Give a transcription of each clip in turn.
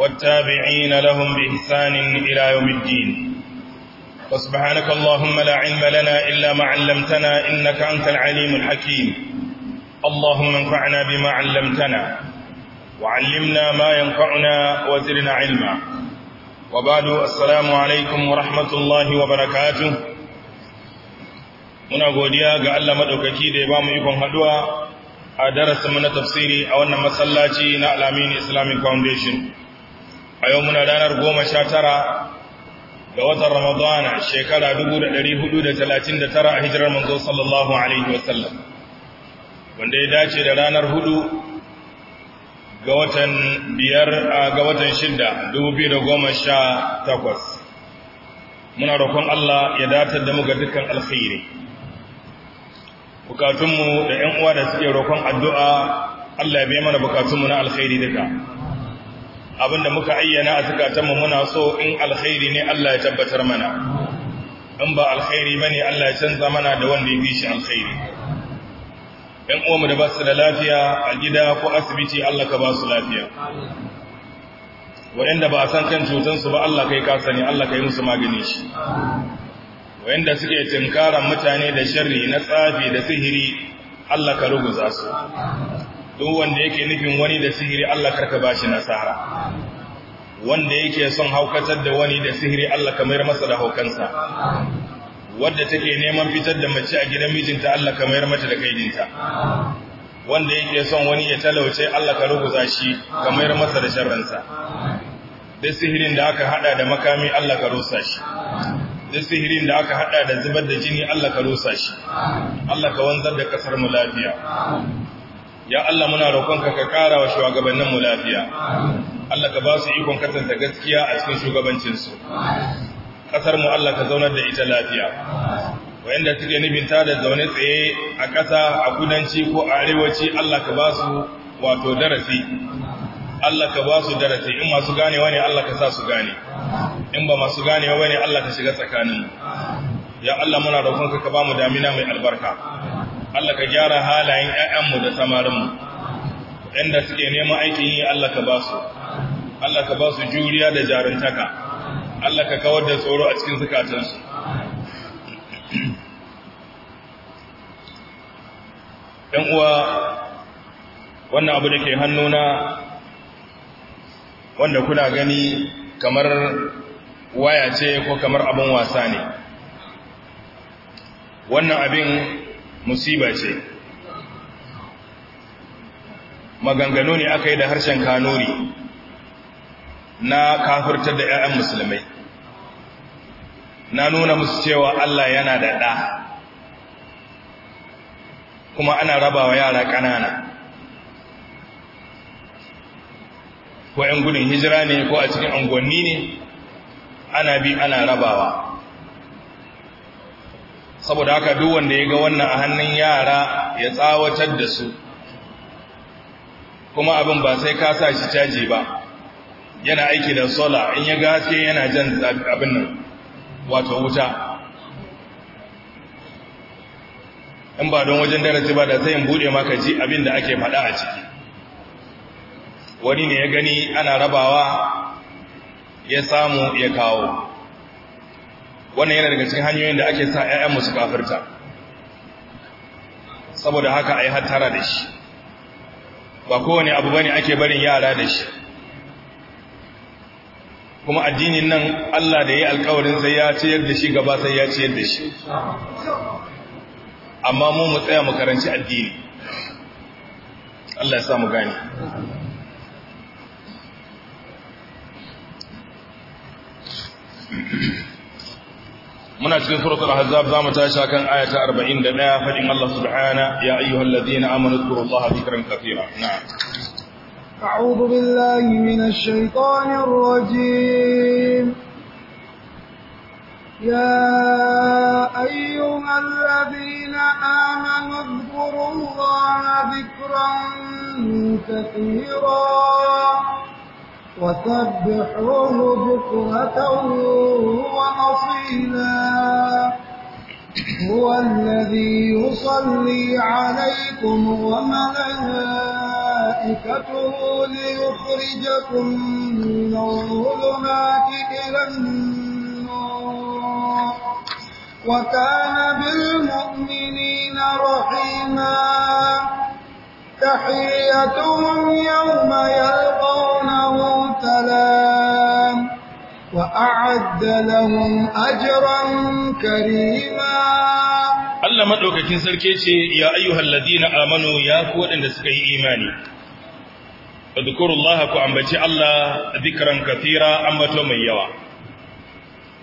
والتابعين لهم بإحسان إلى يوم الدين وسبحانك اللهم لا علم لنا إلا ما علمتنا إنك أنت العليم الحكيم اللهم انفعنا بما علمتنا وعلمنا ما ينفعنا وزرنا علما وبعد السلام عليكم ورحمة الله وبركاته muna godiya ga Allah madaukaki da ya ba mu ikon haduwa a darasinmu na tafsiri a wannan masallaci na Alamin Islamic Foundation a yau muna ranar goma sha tara ga watan ramadana shekara 439 a hijirar manzo sallallahu alaihi wasallam wanda ya dace da ranar hudu ga watan biyar a ga watan shida 2018 muna roƙon Allah ya datar da mu ga dukkan alkhairi bukatunmu da 'yan uwa da suke roƙon addu'a Allah ya biya mana bukatunmu na alkhairi duka abinda muka ayyana a zukatanmu muna so in alkhairi ne Allah ya tabbatar mana in ba alkhairi bane Allah ya canza mana da wanda ya fi shi alkhairi uwa uwanmu da ba su da lafiya a gida ko asibiti Allah ka ba su lafiya waɗanda ba a san kan su ba Allah kai ka sani Allah kai musu magani shi waɗanda suke tinkaran mutane da sharri na tsafi da sihiri Allah ka ruguza su duk wanda yake nufin wani da sihiri Allah karka bashi nasara wanda yake son haukatar da wani da sihiri Allah kamar masa da haukansa wanda take neman fitar da mace a gidan mijinta Allah kamar mata da kaidinta wanda yake son wani ya talauce Allah ka ruguza shi kamar masa da sharransa duk sihirin da aka hada da makami Allah ka rusa shi duk sihirin da aka hada da zubar da jini Allah ka rusa shi Allah ka wanzar da kasar mu lafiya ya Allah muna roƙonka ka ƙara wa shugabanninmu lafiya Allah ka ba su ikon katanta gaskiya a cikin shugabancinsu ƙasarmu Allah ka zaunar da ita lafiya wayanda suke nufin da zaune tsaye a ƙasa a kudanci ko a arewaci Allah ka ba su wato darasi Allah ka ba su darasi in masu ganewa ne Allah ka sa su gane in ba masu ganewa ne Allah ka shiga tsakaninmu ya Allah muna roƙonka ka ba mu damina mai albarka Allah ka gyara halayen ƴaƴanmu da samarinmu inda suke neman aikin yi Allah ka ba su Allah ka ba su juriya da jarintaka Allah ka kawar da tsoro a cikin zukatansu ‘yan uwa wannan abu da ke hannuna wanda kuna gani kamar waya ce ko kamar abin wasa ne wannan abin musiba ce maganganu ne aka yi da harshen kanuri na kafirtar da 'ya'yan musulmai na nuna musu cewa Allah yana da ɗa kuma ana rabawa yara ƙanana ko ‘yan gudun hijira ne ko a cikin unguwanni ne ana bi ana rabawa saboda haka duk wanda ya ga wannan a hannun yara ya tsawatar da su kuma abin ba sai ka sa shi caji ba yana aiki da sola in ya ga haske yana jan abin nan wato wuta in ba don wajen darasi ba da sai in bude maka ji abin da ake faɗa a ciki wani ne ya gani ana rabawa ya samu ya kawo wannan yana daga cikin hanyoyin da ake sa ƴaƴan musu kafirta saboda haka ai hattara da shi ba kowane abu bane ake barin yara da shi kuma addinin nan Allah da yayi alƙawarin sai ya ciyar yadda shi gaba sai ya ciyar yadda shi amma mu mu tsaya mu karanci addini Allah ya sa mu gane Thank you. من أجل فرق الأحزاب ذا متاشا كان آية أربعين دماء فإن الله سبحانه يا أيها الذين آمنوا اذكروا الله ذكرا كثيرا نعم أعوذ بالله من الشيطان الرجيم يا أيها الذين آمنوا اذكروا الله ذكرا كثيرا وسبحوه بكرة وأصيلا هو الذي يصلي عليكم وملائكته ليخرجكم من الظلمات إلى النور وكان بالمؤمنين رحيما تحيتهم يوم يلقون السلام وأعد لهم أجرا كريما Allah madaukakin sarki ce ya ayyuhal ladina amanu ya ku wadanda suka yi imani Fadkurullaha ku ambaci Allah zikran kathira ambato mai yawa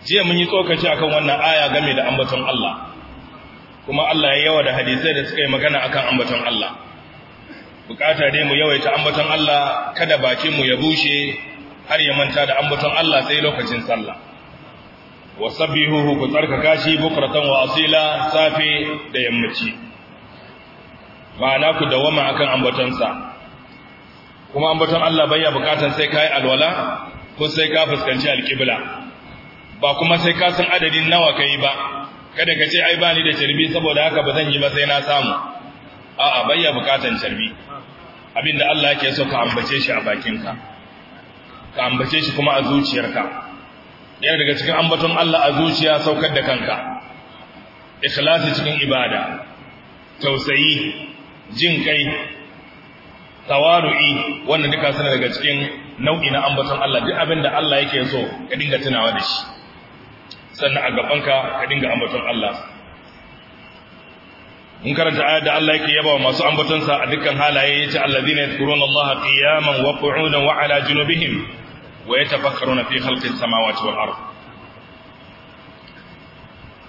Jiya mun yi tsokaci akan wannan aya game da ambaton Allah kuma Allah ya yawa da hadisai da suka yi magana akan ambaton Allah bukata dai mu yawaita ambaton Allah kada bakin mu ya bushe har ya manta da ambaton Allah sai lokacin sallah wasabbihuhu ku tsarkaka shi bukratan wa asila safe da yammaci ma'ana ku dawama akan ambaton sa kuma ambaton Allah baya bukatan sai kai alwala ko sai ka fuskanci alqibla ba kuma sai ka san adadin nawa kai ba kada ka ce ai bani da carbi saboda haka ba zan yi ba sai na samu a'a bayya bukatan carbi Abin da Allah yake so ka ambace shi a bakinka ka ambace shi kuma a zuciyarka yana daga cikin ambaton Allah a zuciya saukar da kanka ikhlasi cikin ibada tausayi jin kai tawaru'i wannan duka suna daga cikin nau'i na ambaton Allah duk abin da Allah yake so ka dinga tunawa da shi sannan a gabanka ka dinga ambaton Allah in karanta ayar da Allah yake yaba wa masu ambatonsa a dukkan halaye yace allazina yadhkuruna Allah qiyaman wa qu'udan wa ala junubihim wa yatafakkaruna fi khalqis samawati wal ard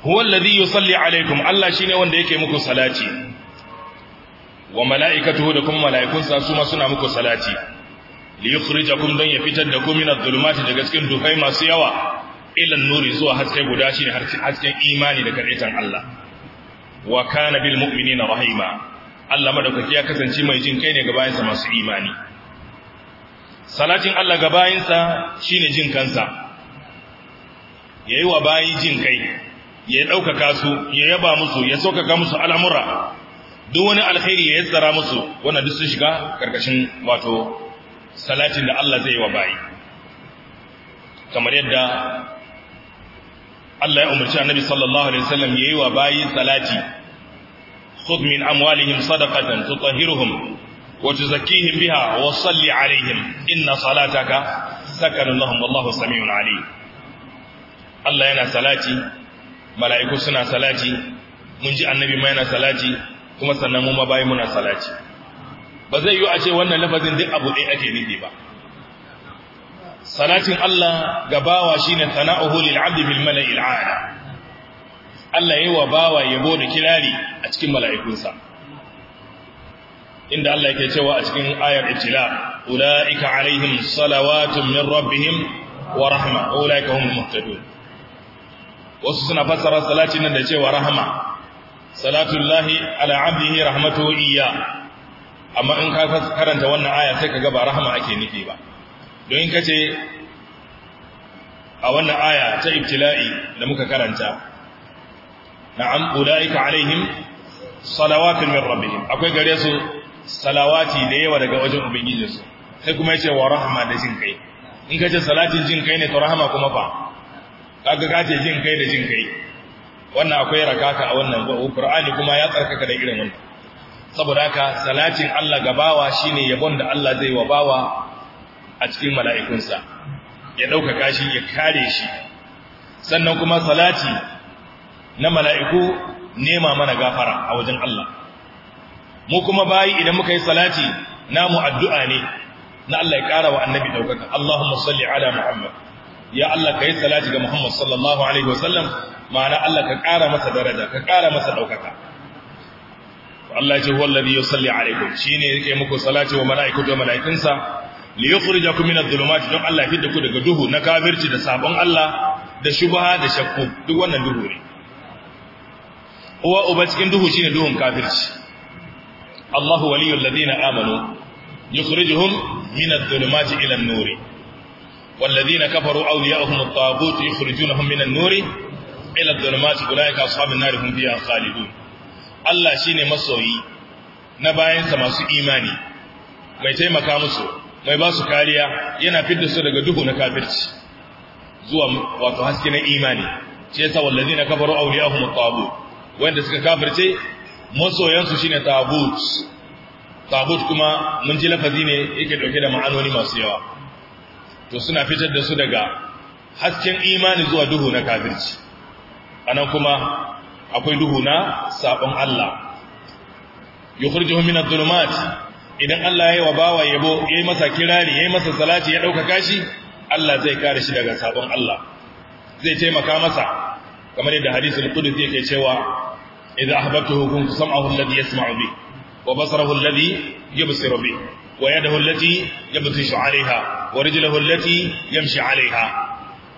huwa alladhi yusalli alaykum Allah shine wanda yake muku salati wa mala'ikatuhu da kuma mala'ikunsa su ma suna muku salati li yukhrijakum dan ya fitar da ku min adh-dhulumati daga cikin dufai masu yawa ila an-nuri zuwa haske guda shine hasken imani da kadaitan Allah wa kana bil mu'minina rahima Allah madaukaki ya kasance mai jin kai ne ga bayansa masu imani salatin Allah ga bayansa shine jin kansa yayi wa bayi jin kai ya ɗaukaka su ya yaba musu ya saukaka musu al'amura duk wani alkhairi ya yassara musu wannan duk sun shiga karkashin wato salatin da Allah zai yi wa bayi kamar yadda Allah ya umarci annabi sallallahu alaihi wasallam yayi wa bayi salati khudh min amwalihim sadaqatan tutahhiruhum wa tuzakkihim biha wa salli alaihim inna salataka sakanun lahum wallahu samiun alim Allah yana salati mala'iku suna salati mun ji annabi ma yana salati kuma sannan mu ma bayi muna salati ba zai yi a ce wannan lafazin duk abu ɗaya ake nufi ba salatin Allah ga bawa shine sana'uhu lil 'abdi bil mala'il 'ala Allah yayi wa bawa yabo da kirari a cikin mala'ikunsa inda Allah yake cewa a cikin ayar ibtila ulaika alaihim salawatun min rabbihim wa rahma ulaika humul muhtadun wasu suna fassara salatin nan da cewa rahma salatullahi ala 'abdihi rahmatuhu iyya amma in ka karanta wannan aya sai ka ga ba rahama ake nufi ba don in kace a wannan aya ta ibtila'i da muka karanta na an ulaika alaihim salawatun min rabbihim akwai gare su salawati da yawa daga wajen ubangijinsu sai kuma yace wa rahma da jin kai in kace salatin jin kai ne to rahama kuma fa kaga kace jin kai da jin kai wannan akwai rakaka a wannan Qur'ani kuma ya tsarkaka da irin wannan saboda haka salatin Allah ga bawa shine yabon da Allah zai wa bawa a cikin mala'ikunsa ya ɗaukaka shi ya kare shi sannan kuma salati na mala'iku nema mana gafara a wajen Allah mu kuma bayi idan muka yi salati namu addu'a ne na Allah ya ƙara wa annabi ɗaukaka Allahumma salli ala Muhammad ya Allah ka yi salati ga Muhammad sallallahu alaihi wasallam ma'ana Allah ka ƙara masa daraja ka ƙara masa ɗaukaka Allah ce yau wallazi yusalli shi ne yake muku salati wa mala'iku da malaikunsa li yukhrijakum min adh-dhulumati don Allah ya fidda ku daga duhu na kafirci da sabon Allah da shubha da shakku duk wannan duhu ne uwa uba cikin duhu shine duhun kafirci Allahu waliyul ladina amanu yukhrijuhum min adh-dhulumati ila an-nur والذين كفروا أولياؤهم الطاغوت يخرجونهم من النور إلى الظلمات أولئك أصحاب النار هم فيها خالدون Allah shine masoyi na bayansa masu imani mai taimaka musu mai ba su kariya yana fidda su daga duhu na kafirci zuwa wato haske na imani shi yasa na kafaru auliya hu mutabu wanda suka kafirce masoyansu shine tabut tabut kuma mun ji lafazi ne yake dauke da ma'anoni masu yawa to suna fitar da su daga hasken imani zuwa duhu na kafirci anan kuma akwai duhu na sabon Allah yukhrijuhum min adh-dhulumat idan Allah ya yi wa bawa yabo ya yi masa kirari ya yi masa salati ya ɗaukaka shi Allah zai kare shi daga sabon Allah zai taimaka masa kamar yadda hadisul qudsi yake cewa idza ahbabtuhu kuntu sam'ahu alladhi yasma'u bi wa basarahu alladhi yubsiru bi wa yadahu allati yabtishu 'alayha wa rijluhu allati yamshi 'alayha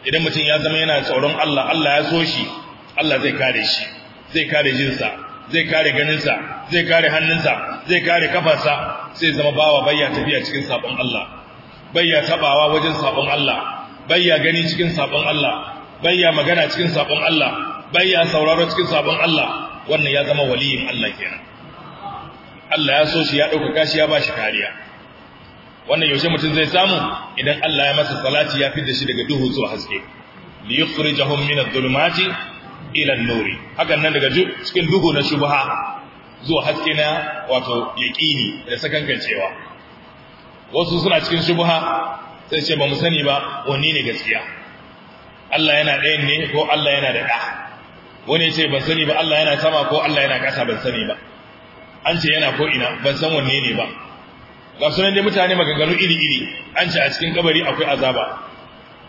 idan mutum ya zama yana tsoron Allah Allah ya so shi Allah zai kare shi zai kare jinsa zai kare ganinsa zai kare hannunsa zai kare kafarsa sai zama bawa bayya tafiya cikin sabon Allah bayya tabawa wajen sabon Allah bayya gani cikin sabon Allah bayya magana cikin sabon Allah bayya sauraro cikin sabon Allah wannan ya zama waliyin Allah kenan Allah ya so shi ya dauka kashi ya bashi kariya wannan yaushe mutum zai samu idan Allah ya masa salati ya fidda shi daga duhu zuwa haske liyukhrijahum yukhrijahum min adh-dhulumati ila nuri hakan nan daga cikin dugo na shubha zuwa haske na wato yaqini da sakankancewa wasu suna cikin shubha sai ce ba mu sani ba wanne ne gaskiya Allah yana ɗayan ne ko Allah yana da ɗa wani ce ban sani ba Allah yana sama ko Allah yana ƙasa ban sani ba an ce yana ko ina ban san wanne ne ba ga sunan dai mutane maganganu iri iri an ce a cikin kabari akwai azaba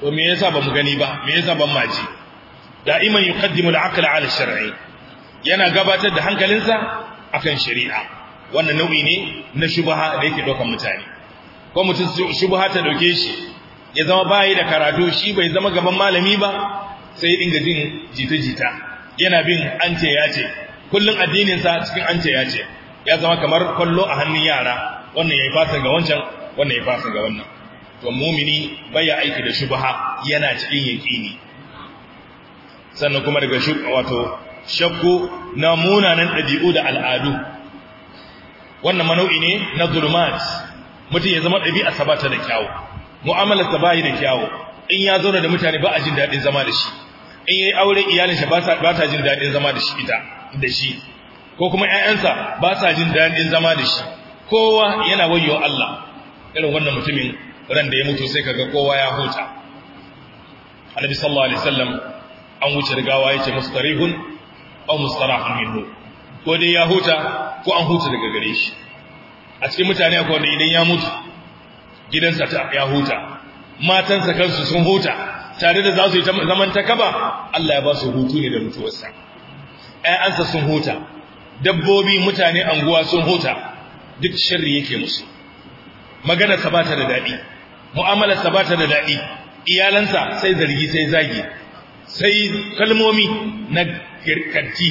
to me yasa ba mu gani ba me yasa ban maji da'iman yuqaddimu al-aqla 'ala shar'i yana gabatar da hankalinsa akan shari'a wannan nau'i ne na shubha da yake daukan mutane ko mutum shubha ta dauke shi ya zama bai da karatu shi bai zama gaban malami ba sai dinga jin jita-jita yana bin an ya ce kullun addinin sa cikin ance ya ce ya zama kamar kwallo a hannun yara wannan yayi fasa ga wancan wannan yayi fasa ga wannan to mumini baya aiki da shubha yana cikin yaqini sannan kuma daga wato shakku na munanan ɗabi'u da al'adu wannan manau'i ne na zulmat mutum ya zama ɗabi'a ba ta da kyawu mu'amalar sa bayi da kyawu in ya zauna da mutane ba a jin daɗin zama da shi in yayi aure iyalinsa shi ba ta jin daɗin zama da shi ita da shi ko kuma 'ya'yansa ba sa jin daɗin zama da shi kowa yana wayyo Allah irin wannan mutumin ran da ya mutu sai kaga kowa ya huta Annabi sallallahu alaihi wasallam an wuce rigawa yace mustarihun a mustarahun minhu ko dai ya huta ko an huta daga gare shi a cikin mutane akwai wanda idan ya mutu gidansa ta ya huta matansa kansu sun huta tare da za su yi zaman kaba Allah ya ba su hutu ne da mutuwarsa ƴaƴansa sun huta dabbobi mutane anguwa sun huta duk sharri yake musu magana sabata da dadi mu'amala sabata da dadi iyalansa sai zargi sai zagi sai kalmomi na garkarti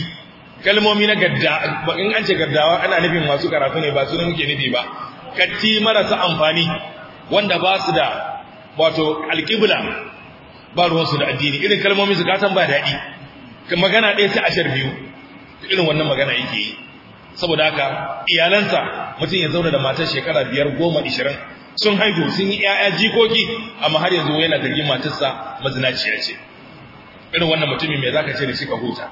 kalmomi na gadda in an ce gaddawa ana nufin masu karatu ne ba su ne muke nufi ba katti marasa amfani wanda ba su da wato alƙibla ba ruwansu da addini irin kalmomi su gatan ba daɗi magana ɗaya ta ashar biyu irin wannan magana yake yi saboda haka iyalansa mutum ya zauna da matar shekara biyar goma ishirin sun haihu sun yi ‘ya'ya jikoki amma har yanzu yana zargin matarsa mazinaciya ce irin wannan mutumin me zaka ce da shi ka huta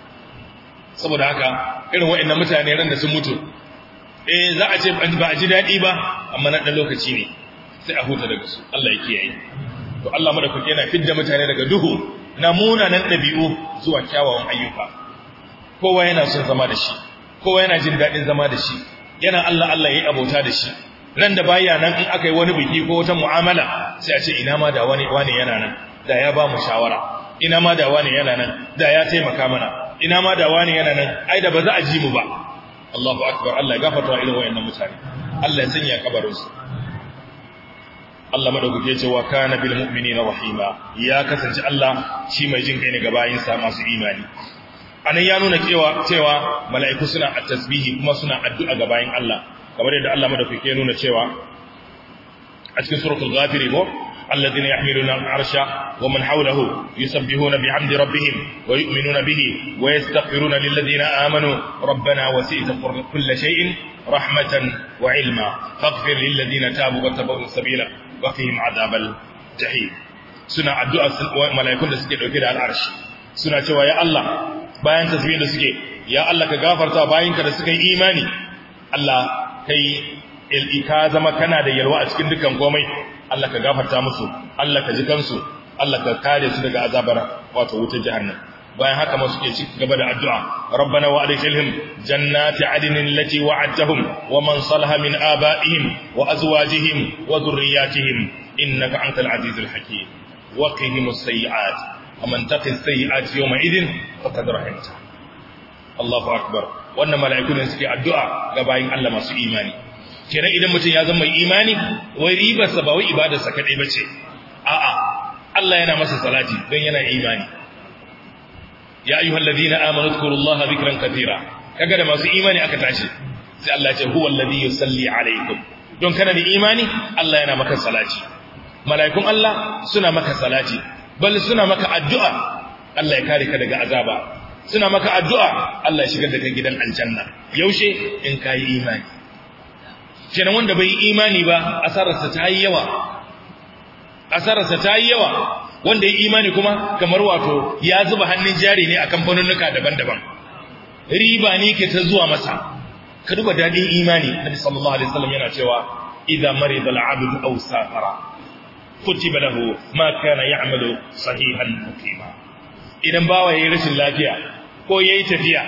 saboda haka irin wa'annan mutane ran da sun mutu eh za a ce ba a ji daɗi ba amma na ɗan lokaci ne sai a huta daga su Allah ya kiyaye to Allah madaukake yana fidda mutane daga duhu na munanan dabi'u zuwa kyawawan ayyuka kowa yana son zama da shi kowa yana jin daɗin zama da shi yana Allah Allah ya yi abota da shi ran da baya nan in aka yi wani biki ko wata mu'amala sai a ce ina ma da wani wani yana nan da ya ba mu shawara ina ma da wani yana nan da ya taimaka mana ina ma da wani yana nan ai da ba za a ji mu ba Allahu akbar Allah ya gafarta wa irin wayannan mutane Allah ya sanya kabarin su Allah madaukake ce wa kana bil mu'minina rahima ya kasance Allah shi mai jin kai ne ga bayinsa masu imani anan ya nuna cewa cewa mala'iku suna at-tasbihi kuma suna addu'a ga bayin Allah kamar yadda Allah madaukake ya nuna cewa a cikin suratul ghafir ko الذين يحملون العرش ومن حوله يسبحون بحمد ربهم ويؤمنون به ويستغفرون للذين آمنوا ربنا وسئت كل شيء رحمة وعلما فاغفر للذين تابوا واتبعوا السبيل وقهم عذاب الجحيم suna addu'a mala'ikun da suke dauke da al'arshi suna cewa ya Allah bayan tasbihin da suke ya Allah ka gafarta bayinka da suka yi imani Allah kai ilika zama kana da yalwa a cikin dukan komai Allah ka gafarta musu Allah ka ji kansu Allah ka kare su daga azabar wato wutar jahannam bayan haka ma suke ci gaba da addu'a rabbana wa adkhilhum jannati adnin allati wa'adtahum wa man salaha min aba'ihim wa azwajihim wa dhurriyyatihim innaka antal azizul hakim wa qihim as-sayyi'at aman taqi as-sayyi'at yawma idin faqad rahimta Allahu akbar wannan mala'ikun ne suke addu'a ga bayin Allah masu imani kenan idan mutum ya zama mai imani wai ribarsa ba wai ibadarsa kadai ba ce a'a Allah yana masa salati don yana imani ya ayyuhal ladina amanu zkurullaha zikran kathira kaga da masu imani aka tashi sai Allah ya ce huwa alladhi yusalli alaikum don kana da imani Allah yana maka salati mala'ikun Allah suna maka salati bal suna maka addu'a Allah ya kare ka daga azaba suna maka addu'a Allah ya shigar da kai gidan aljanna yaushe in kai imani kenan wanda bai imani ba asararsa ta yi yawa asararsa ta yi yawa wanda ya imani kuma kamar wato ya zuba hannun jari ne a kamfanonuka daban-daban riba ne ke ta zuwa masa ka duba dadin imani Annabi sallallahu alaihi wasallam yana cewa idza marida al-abd aw safara kutiba lahu ma kana ya'malu sahihan muqima idan bawa yayi rashin lafiya ko yayi tafiya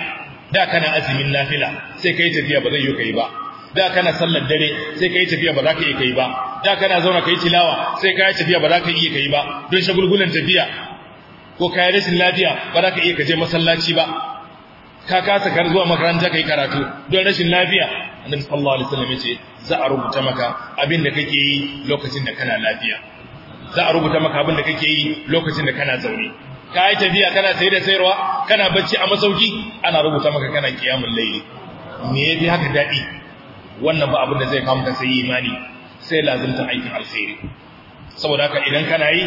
da kana azumin nafila sai kai tafiya ba zai yi kai ba da kana sallar dare sai kai tafiya ba za ka iya kai ba da kana zauna kai tilawa sai kai tafiya ba za ka iya kai ba don shagulgulan tafiya ko kai rashin lafiya ba za ka iya kaje masallaci ba ka kasa kar zuwa makaranta kai karatu don rashin lafiya annabi sallallahu alaihi wasallam yace za a rubuta maka abin da kake yi lokacin da kana lafiya za a rubuta maka abin da kake yi lokacin da kana zaune ka tafiya kana sai da sayarwa kana bacci a masauki ana rubuta maka kana kiyamul layli me yafi haka daɗi? wannan ba abin da zai kamta sai imani sai lazimta aikin alkhairi saboda haka idan kana yi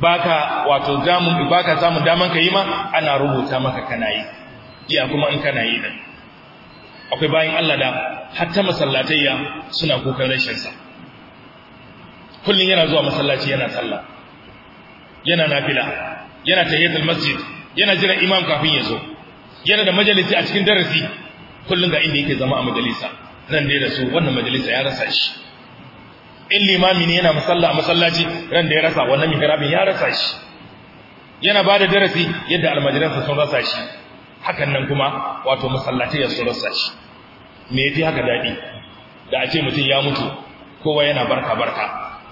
baka wato damun baka samu daman ka yi ma ana rubuta maka kana yi iya kuma in kana yi din akwai bayan Allah da hatta masallatayya suna kukan rashin sa kullun yana zuwa masallaci yana sallah yana nafila yana tahiyatul masjid yana jira imam kafin ya zo yana da majalisi a cikin darasi kullun ga inda yake zama a majalisa ran da su wannan majalisa ya rasa shi in limami ne yana musalla a masallaci ran da ya rasa wannan mihrabin ya rasa shi yana ba da darasi yadda almajiransa sun rasa shi hakan nan kuma wato masallatai sun rasa shi me yafi haka daɗi da a ce mutum ya mutu kowa yana barka barka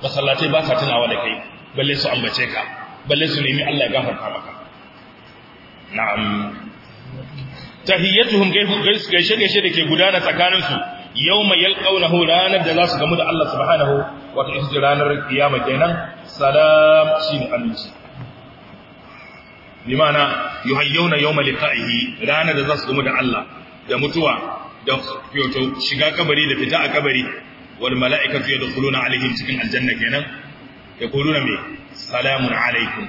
masallatai ba sa tunawa da kai balle su ambace ka balle su nemi Allah ya gafarta maka na'am tahiyyatuhum gaishe gaishe ke gudana tsakaninsu Yau yawma yalqawnahu ranar da za su gamu da Allah subhanahu wa isu ranar kiyama kenan salam shine aminci bi ma'ana yuhayyuna yawma liqa'ihi ranar da za su gamu da Allah da mutuwa da fiyoto shiga kabari da fita a kabari wal mala'ikatu yadkhuluna alaihim cikin aljanna kenan yaquluna me salamun alaikum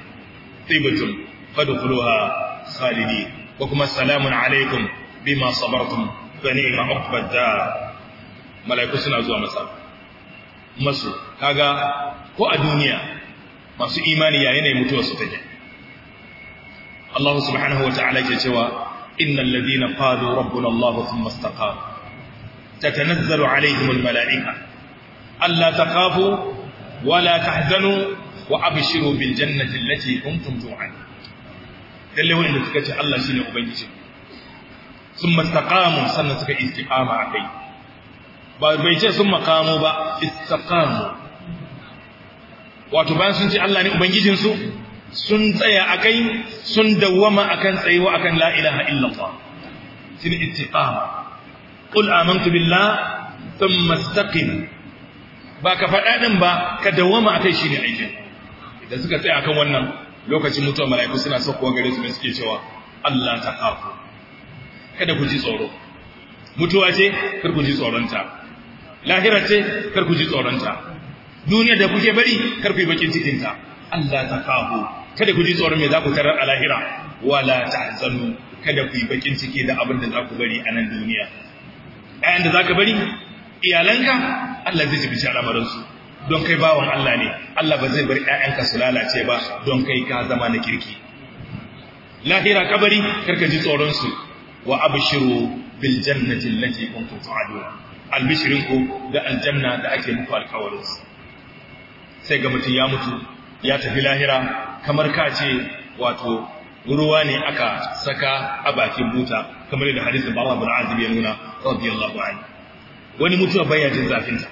tibatum fadkhuluha khalidin wa kuma salamun alaikum bima sabartum fa ni'ma uqbad mala'iku suna zuwa masa masu kaga ko a duniya masu imani ya yanayin mutuwar su take Allah subhanahu wata'ala ke cewa innal ladina qalu rabbuna Allah thumma istaqamu tatanazzalu alaihim al mala'ika alla takhafu wala tahzanu wa abshiru bil jannati allati kuntum tu'an dalle wanda suka ce Allah shine ubangiji sun mastaqamu sannan suka istiqama akai ba bai ce sun makamu ba istaqamu wato bayan sun ce Allah ne ubangijin su sun tsaya akai sun dawwama akan tsayuwa akan la ilaha illallah shine istiqama qul amantu billah thumma istaqim ba ka fada din ba ka dawwama akai shine aikin idan suka tsaya akan wannan lokacin mutuwa mala'iku suna saukowa gare su ne suke cewa Allah ta kafu kada ku ji tsoro mutuwa ce kar ku ji tsoronta lahira ce kar ku ji tsoronta duniya da kuke bari kar ku yi bakin cikin ta Allah ta kahu kada ku ji tsoron me za ku tarar a lahira wala tahzanu kada ku yi bakin ciki da abin da za ku bari a nan duniya ayan da za ka bari iyalanka Allah zai jibi su don kai bawan Allah ne Allah ba zai bar ƴaƴanka su lalace ba don kai ka zama na kirki lahira kabari karka ji tsoron su wa abshiru bil jannati allati kuntum tu'adun albishirinku da aljanna da ake muku alkawarinsu sai ga mutum ya mutu ya tafi lahira kamar ka ce wato ruwa ne aka saka a bakin buta kamar da hadisi bara bin azib ya nuna radiyallahu anhu wani mutuwa baya jin zafin ta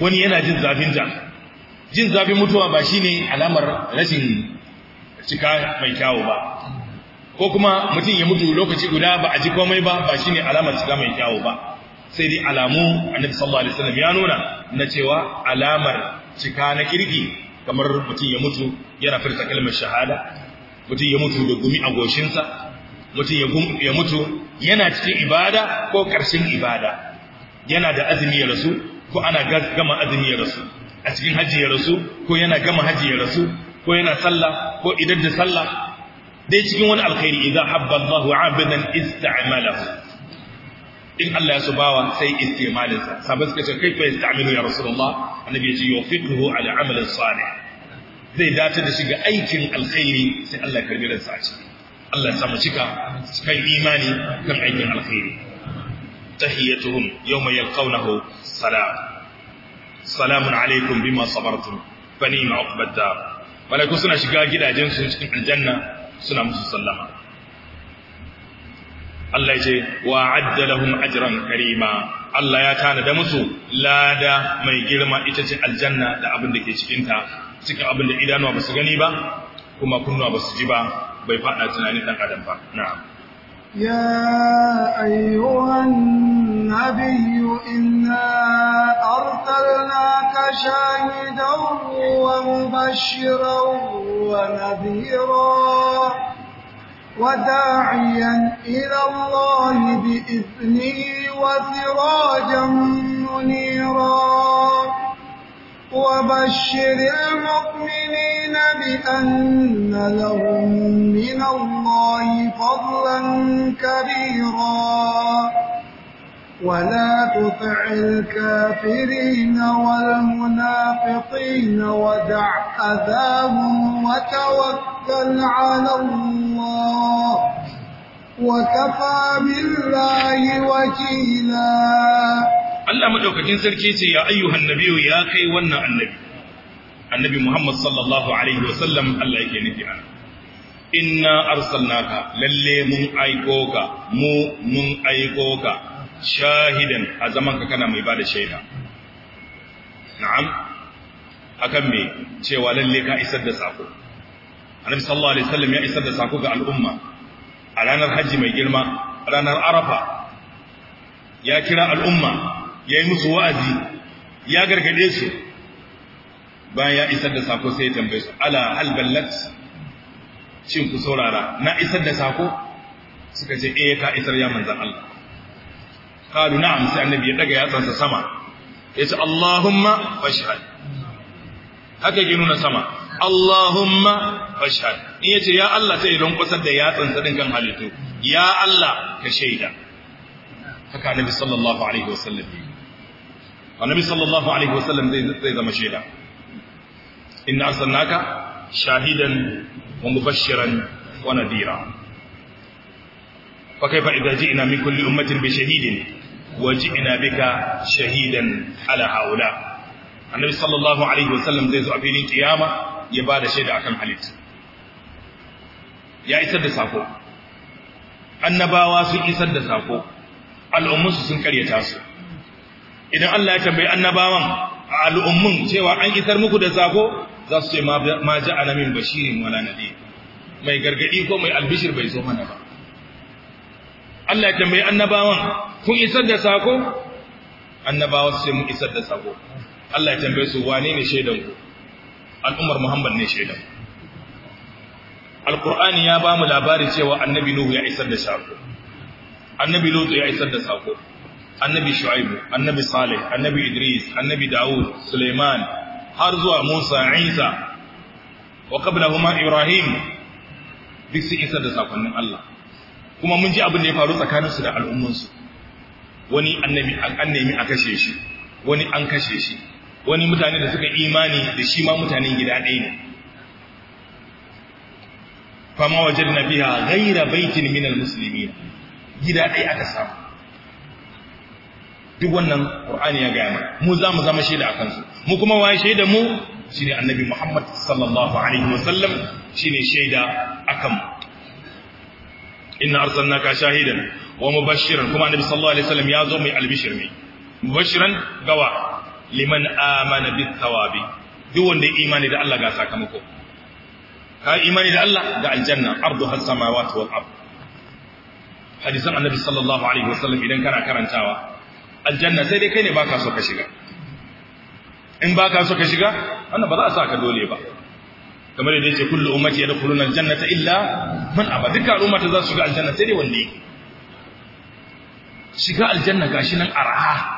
wani yana jin zafin ta jin zafin mutuwa ba shine alamar rashin cika mai kyawu ba ko kuma mutum ya mutu lokaci guda ba a ji komai ba ba shine alamar cika mai kyawu ba sai dai alamu annabi sallallahu alaihi wasallam ya nuna na cewa alamar cika na kirki kamar mutum ya mutu yana furta kalmar shahada mutum ya mutu da gumi a goshinsa mutum ya mutu yana cikin ibada ko karshen ibada yana da azumi ya rasu ko ana gama azumi ya rasu a cikin hajji ya rasu ko yana gama hajji ya rasu ko yana sallah ko idan da sallah dai cikin wani alkhairi idan habba Allahu abadan ista'malahu in Allah ya su bawa sai istimalinsa sa suka ce kai fa yastamilu ya rasulullah annabi ya ce yufiqhu ala amal salih zai dace da shi ga aikin alkhairi sai Allah ya karbi ransa a ciki Allah ya samu cika kai imani kan aikin alkhairi tahiyyatuhum yawma yalqawnahu salam salamun alaikum bima sabartum fa ni'ma uqbad dar malaiku suna shiga gidajen su cikin aljanna suna musu sallama Allah ya ce wa adda lahum ajran karima Allah ya tana da musu lada mai girma ita ce aljanna da abin da ke cikin ta cikin abin da idanuwa ba su gani ba kuma kunnuwa ba su ji ba bai fada tunanin dan adam ba na'am ya ayyuhan nabiyyu inna arsalnaka shahidan wa mubashiran wa nadhira وداعيا إلى الله بإذنه وسراجا منيرا وبشر المؤمنين بأن لهم من الله فضلا كبيرا ولا تطع الكافرين والمنافقين ودع أذاهم وتوكل توكل على الله وكفى بالله وكيلا Allah madaukakin sarki ce ya ayyuhan nabiyyu ya kai wannan annabi annabi Muhammad sallallahu alaihi wasallam Allah yake nufi ana inna arsalnaka lalle mun aiko ka mu mun aiko ka shahidan a zaman ka kana mai bada shaida na'am akan me cewa lalle ka isar da sako annabi sallallahu alaihi wasallam ya isar da sako ga al'umma a ranar haji mai girma ranar arafa ya kira al'umma ya yi musu wa'azi ya gargade su bayan ya isar da sako sai ya tambaye su ala alballat shin ku saurara na isar da sako suka ce eh ka isar ya manzan Allah qalu na'am sai annabi ya daga yatsansa sama yace Allahumma fashhad haka yake nuna sama Allahumma fashhad in yace ya Allah sai don kwasar da yatsan sadin kan halittu ya Allah ka shaida haka annabi sallallahu alaihi wasallam annabi sallallahu alaihi wasallam zai zama shaida inna arsalnaka shahidan wa mubashiran wa nadira fa kaifa idza ji'na min kulli ummatin bi shahidin wa ji'na bika shahidan ala haula annabi sallallahu alaihi wasallam zai zo a filin kiyama ya ba da shaida akan halitta ya isar da sako annabawa sun isar da sako al'ummunsu sun karyata su idan Allah ya tambayi annabawan a al'ummun cewa an isar muku da sako za su ce ma ja'ana min bashirin wala nadi mai gargadi ko mai albishir bai zo mana ba Allah ya tambayi annabawan kun isar da sako annabawa su ce mun isar da sako Allah ya tambaye su wane ne shaidan ku al'ummar Muhammad ne shaidan alqur'ani ya ba mu labari cewa annabi nuhu ya isar da sako annabi lutu ya isar da saƙo. annabi shu'aibu annabi Saleh, annabi idris annabi daud suleiman har zuwa musa isa wa kuma ibrahim duk su isar da saƙonnin Allah kuma mun ji abin da ya faru tsakaninsu da al'ummansu wani annabi an nemi a kashe shi wani an kashe shi wani mutane da suka imani da shi ma mutanen gida ɗaya ne fama wajen na biya gaira baitin minal musulmi gida ɗaya aka samu duk wannan ƙur'ani ya gaya mana mu za mu zama shaida a kansu mu kuma waye shaida mu shi ne annabi muhammad sallallahu alaihi wasallam shi ne shaida a kanmu inna arsalnaka shahidan wa mubashiran kuma annabi sallallahu alaihi wasallam ya zo mai albishir ne mubashiran gawa liman amana bi thawabi duk wanda ya imani da Allah ga sakamako ka imani da Allah ga aljanna arduha samawati wal ard hadisan annabi sallallahu alaihi wasallam idan kana karantawa aljanna sai dai kai ne baka so ka shiga in baka so ka shiga wannan ba za a saka dole ba kamar yadda yace kullu ummati yadkhuluna aljannata illa man aba dukkan ummata za su shiga aljanna sai dai wanda yake shiga aljanna gashi nan arha.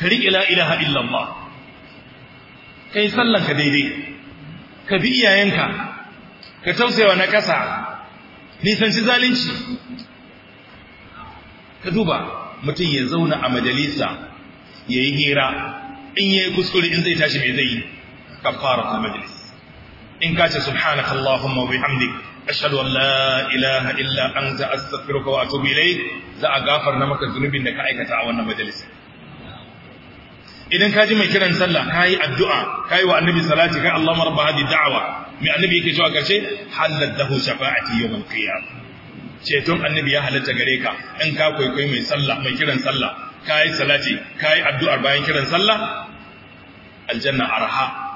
ka riƙe la ilaha illallah ka yi sallanka daidai ka bi iyayenka ka tausayawa na ƙasa nisanci zalunci ka duba mutum ya zauna a majalisa ya yi hira in ya yi kuskure in zai tashi mai zai ka fara ta majalis in ka ce subhanaka Allahumma wa bihamdik ashhadu an la ilaha illa anta astaghfiruka wa atubu ilayk za a gafar na maka zunubin da ka aikata a wannan majalisa idan ka ji mai kiran sallah ka yi addu'a ka yi wa annabi salati kai Allah marabba hadi da'awa mai annabi yake cewa karshe halallahu shafa'ati yawmal qiyam ceton annabi ya halatta gare ka in ka kwaikwayi mai sallah mai kiran sallah ka yi salati ka yi addu'ar bayan kiran sallah aljanna arha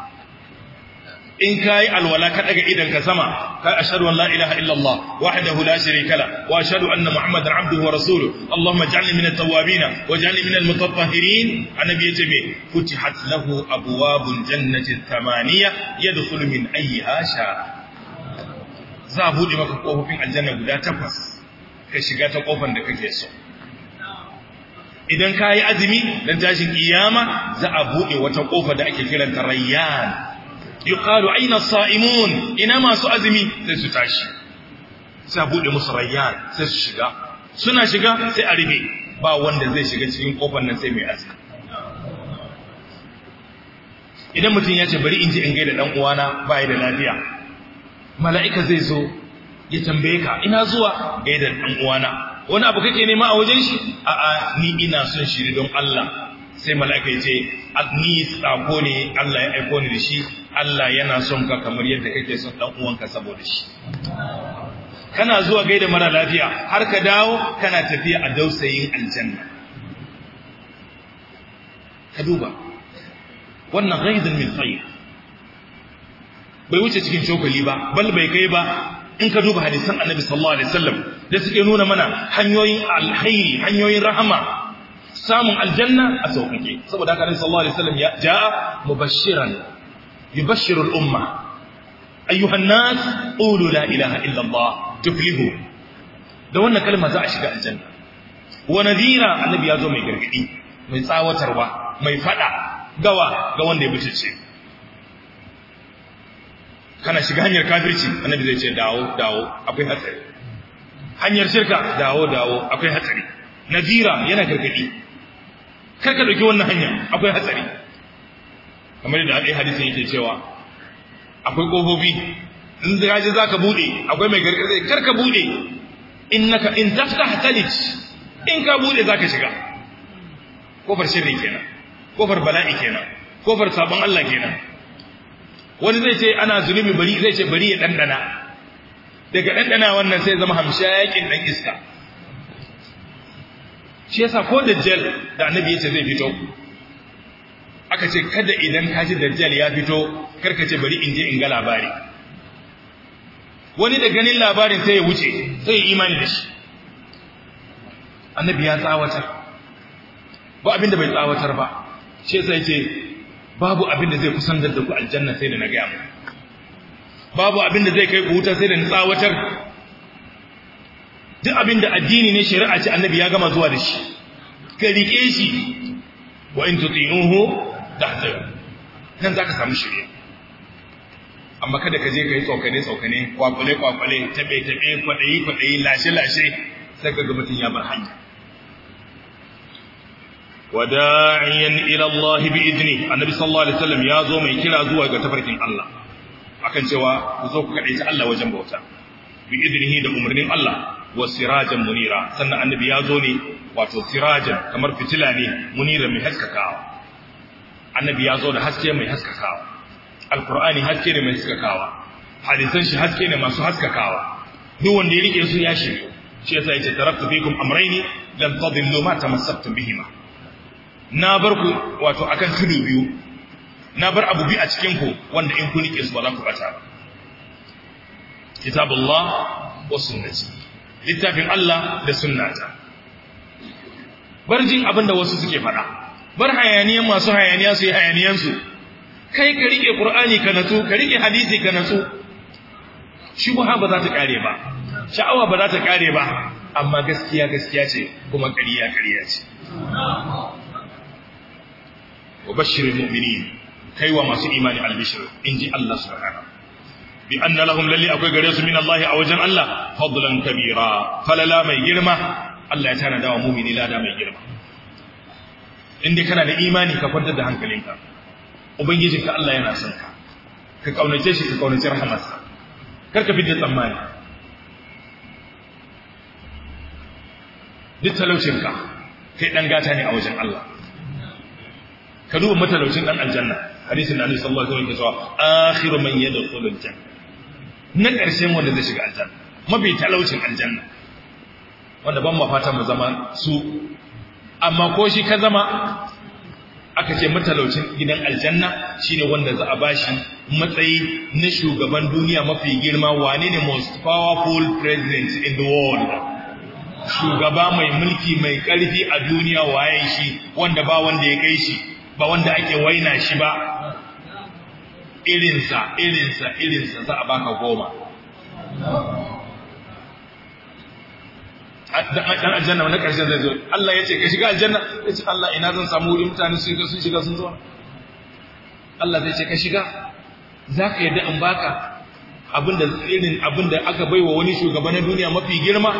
in yi alwala ka daga idan ka sama ka ashadu an la ilaha illa Allah wahdahu la sharika kala. wa ashhadu anna muhammadan abduhu wa rasuluhu allahumma ij'alni minat tawwabin waj'alni minal mutatahhirin annabi yace me futihat lahu abwabul jannati tamaniya yadkhulu min ayyiha sha za a buɗe maka ƙofofin aljanna guda takwas ka shiga ta kofan da kake so idan ka yi azumi don tashin iyama za a buɗe wata ƙofa da ake kiranta rayyan yuqalu aina sa'imun ina masu azumi sai su tashi sai a bude musu rayyan sai su shiga suna shiga sai a rube ba wanda zai shiga cikin kofar nan sai mai azumi idan mutum ya ce bari in ji in gaida dan uwana ba da lafiya mala'ika zai zo ya tambaye ka ina zuwa gaida dan uwana wani abu kake nema a wajen shi a'a ni ina son shiri don Allah sai mala'ika ya ce ni sako ne Allah ya aiko ni da shi Allah yana son ka kamar yadda kake son dan uwanka saboda shi kana zuwa gaida mara lafiya har ka dawo kana tafiya a dausayin aljanna ka duba wannan ghaidun min khair bai wuce cikin cokali ba bal bai kai ba in ka duba hadisan annabi sallallahu alaihi wasallam da suke nuna mana hanyoyin alkhairi hanyoyin rahama samun aljanna a sauƙaƙe saboda haka annabi sallallahu alaihi wasallam ya ja'a mubashiran يبشر الأمة أيها الناس قولوا لا إله إلا الله تفلهوا لو أن كلمة زعشق الجنة ونذيرا النبي zo mai غرغدي mai tsawatarwa, mai faɗa, gawa ga wanda ya bitirce kana shiga hanyar kafirci annabi zai ce dawo dawo akwai hatsari hanyar shirka dawo dawo akwai hatsari nazira yana gargadi kar ka dauki wannan hanya akwai hatsari kamar da hadisi hadisin yake cewa akwai kofofi in ji za ka buɗe akwai mai gargaɗe kar ka buɗe in naka in tafta talij in ka buɗe za ka shiga kofar shirri kenan kofar bala'i kenan kofar sabon Allah kenan wani zai ce ana zulumi bari zai ce bari ya ɗanɗana daga ɗanɗana wannan sai zama hamsha yakin ɗan iska shi yasa ko dajjal da annabi ya ce zai fito aka ce kada idan ka ji dajjal ya fito karka ce bari in je in ga labari wani da ganin labarin sai ya wuce sai ya imani da shi annabi ya tsawatar ba abin da bai tsawatar ba shi sai ce babu abin da zai kusantar da ku aljanna sai da na gaya muku babu abin da zai kai ku wuta sai da na tsawatar duk abin da addini ne shari'a ce annabi ya gama zuwa da shi ka rike shi wa in tuti'uhu tahzir nan za ka samu shirya amma kada ka je ka yi tsokane tsokane kwakwale kwakwale taɓe-taɓe, kwaɗayi-kwaɗayi, lashe lashe sai ka ga mutum ya bar hanya wada'iyan ila Allah bi idni annabi sallallahu alaihi wasallam ya zo mai kira zuwa ga tafarkin Allah akan cewa ku zo ku kadaici Allah wajen bauta bi idnihi da umarnin Allah wa sirajan munira sannan annabi ya zo ne wato sirajan kamar fitila ne munira mai haskakawa annabi ya zo da haske mai haskakawa alkur'ani haske ne mai haskakawa hadisan shi haske ne masu haskakawa duk wanda ya rike su ya shi shi yasa yace taraktu fikum amrayni lam tadillu ma tamassaktum bihima na bar ku wato akan tudu biyu na bar abu bi a cikin ku wanda in kun rike su ba za ku bata kitabullah wa sunnati littafin Allah da sunnata barjin abinda wasu suke faɗa bar hayaniyan masu hayaniya su yi hayaniyansu kai ka riƙe qur'ani ka natsu ka riƙe hadisi ka natsu shubha ba za ta kare ba sha'awa ba za ta kare ba amma gaskiya gaskiya ce kuma ƙarya ƙarya ce wa bashirul mu'minin kaiwa masu imani albishir ji Allah subhanahu bi anna lahum lalli akwai gare su min Allah a wajen Allah fadlan kabira falala mai girma Allah ya tana dawa mu'mini lada mai girma in kana da imani ka kwantar da hankalinka ubangijinka Allah yana son ka ka kaunace shi ka kaunace rahamarsa kar ka fidda tsammani duk talaucinka kai dan gata ne a wajen Allah ka duba matalaucin dan aljanna hadisin da Annabi sallallahu alaihi wasallam ya ce akhiru man yadkhulu aljanna Nan ƙarshen wanda zai shiga aljanna mabi talaucin aljanna wanda ban mafata mu zama su amma ko shi ka zama aka ce matalaucin gidan aljanna shine wanda za a bashi matsayi na shugaban duniya mafi girma wane ne most powerful president in the world shugaba mai mulki mai karfi a duniya waye shi wanda ba wanda ya kai shi ba wanda ake waina shi ba irinsa irinsa irinsa za a baka goma dan aljanna wani karshen zai zo Allah ya ce ka shiga aljanna ya ce Allah ina zan samu wurin mutane su shiga sun shiga sun zo Allah zai ce ka shiga za ka yadda in baka abinda irin abinda aka baiwa wani shugaba na duniya mafi girma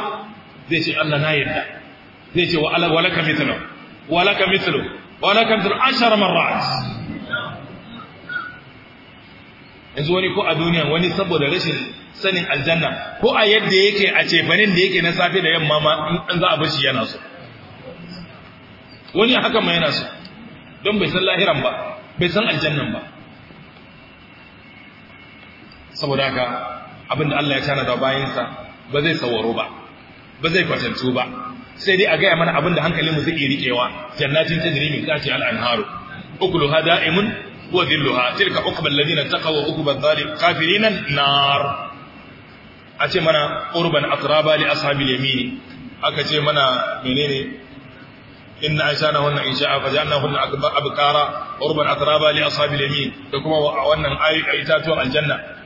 zai ce Allah na yadda zai ce wa alaka mithlu wa alaka mithlu wa alaka mithlu ashara marrat yanzu wani ko a duniya wani saboda rashin sanin aljanna ko a yadda yake a cefanin da yake na safe da yamma ma in za a bashi yana so wani haka ma yana so don bai san lahiran ba bai san aljannan ba saboda haka abinda Allah ya tana da bayansa ba zai sawaro ba ba zai kwatantu ba sai dai a gaya mana abinda hankalinmu zai iya riƙewa jannatin tajri min tahtiha al-anharu ukuluha da'imun wa dhilluha tilka uqba alladhina taqaw wa uqba adh-kafirin nar a ce mana qurban atraba li ashabil yamin aka ce mana menene inna ansha'nahunna insha'a faj'alnahunna akbar abkara qurban atraba li ashabil da kuma wannan aljanna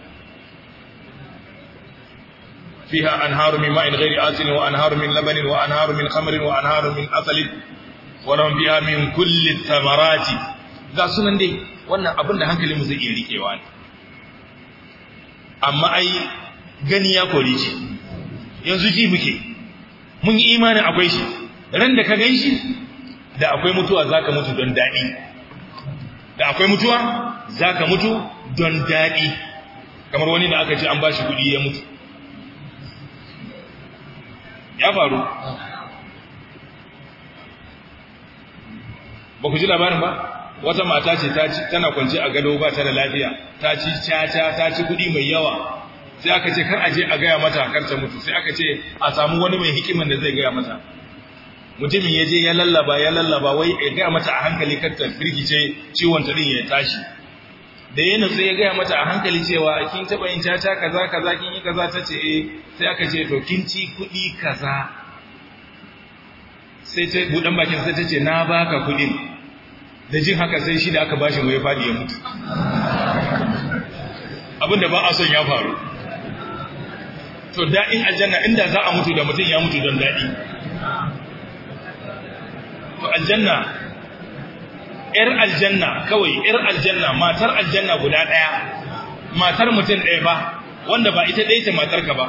فيها أنهار من ماء غير آسن وأنهار من لبن وأنهار من خمر وأنهار من أصل ولهم فيها من كل الثمرات ga sunan dai wannan abin da hankalinmu zai iya rikewa ne amma ai gani ya kori shi yanzu ji muke mun yi imanin akwai shi ran da ka gan shi da akwai mutuwa za ka mutu don daɗi da akwai mutuwa za ka mutu don daɗi kamar wani da aka ce an ba shi kuɗi ya mutu ya faru ba ku ji labarin ba wata mata ce tana kwanci a gado ba ta da lafiya ta ci caca ta ci kuɗi mai yawa sai aka ce kar a je a gaya mata kar ta mutu sai aka ce a samu wani mai hikiman da zai gaya mata mutumin ya je ya lallaba ya lallaba wai ya gaya mata a hankali kar ta firgice ciwon ta din ya tashi da ya nutsu ya gaya mata a hankali cewa kin taɓa yin caca kaza kaza kin yi kaza ta ce eh sai aka ce to kin ci kuɗi kaza sai ta buɗan bakin sai ta ce na baka kuɗin da jin haka sai shi da aka bashi mu ya fadi ya mutu abinda ba a son ya faru to daɗin aljanna inda za a mutu da mutum ya mutu don daɗi to aljanna ‘yar aljanna kawai ‘yar aljanna matar aljanna guda ɗaya matar mutum ɗaya ba wanda ba ita ɗaya ce matarka ba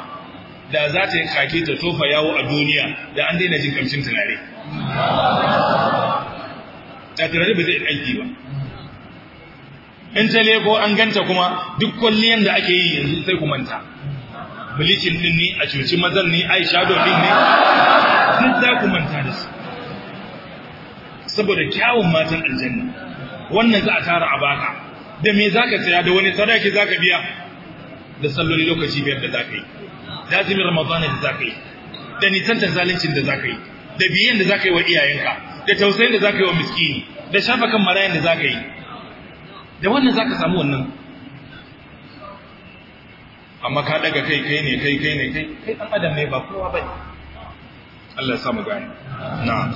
da za ta yi kake ta tofa yawo a duniya da an daina jin kamshin tunare da tunani ba zai aiki ba in ta leko an ganta kuma duk kwalliyar da ake yi yanzu sai ku manta bilicin din ne a cuci mazan ne ai shado din ne sun za ku manta da su saboda kyawun matan aljanna wannan za a tara a baka da me za ka saya da wani sadaki za ka biya da salloli lokaci biyar da za ka yi da azumin ramadana da za ka yi da nisantar zalincin da za ka yi da biyan da za ka yi wa iyayenka da tausayin da zaka yi wa miskini da shafa kan marayan da zaka yi da wannan zaka samu wannan amma ka daga kai kai ne kai kai ne kai kai dan adam ne ba kowa bane Allah ya samu gani na'am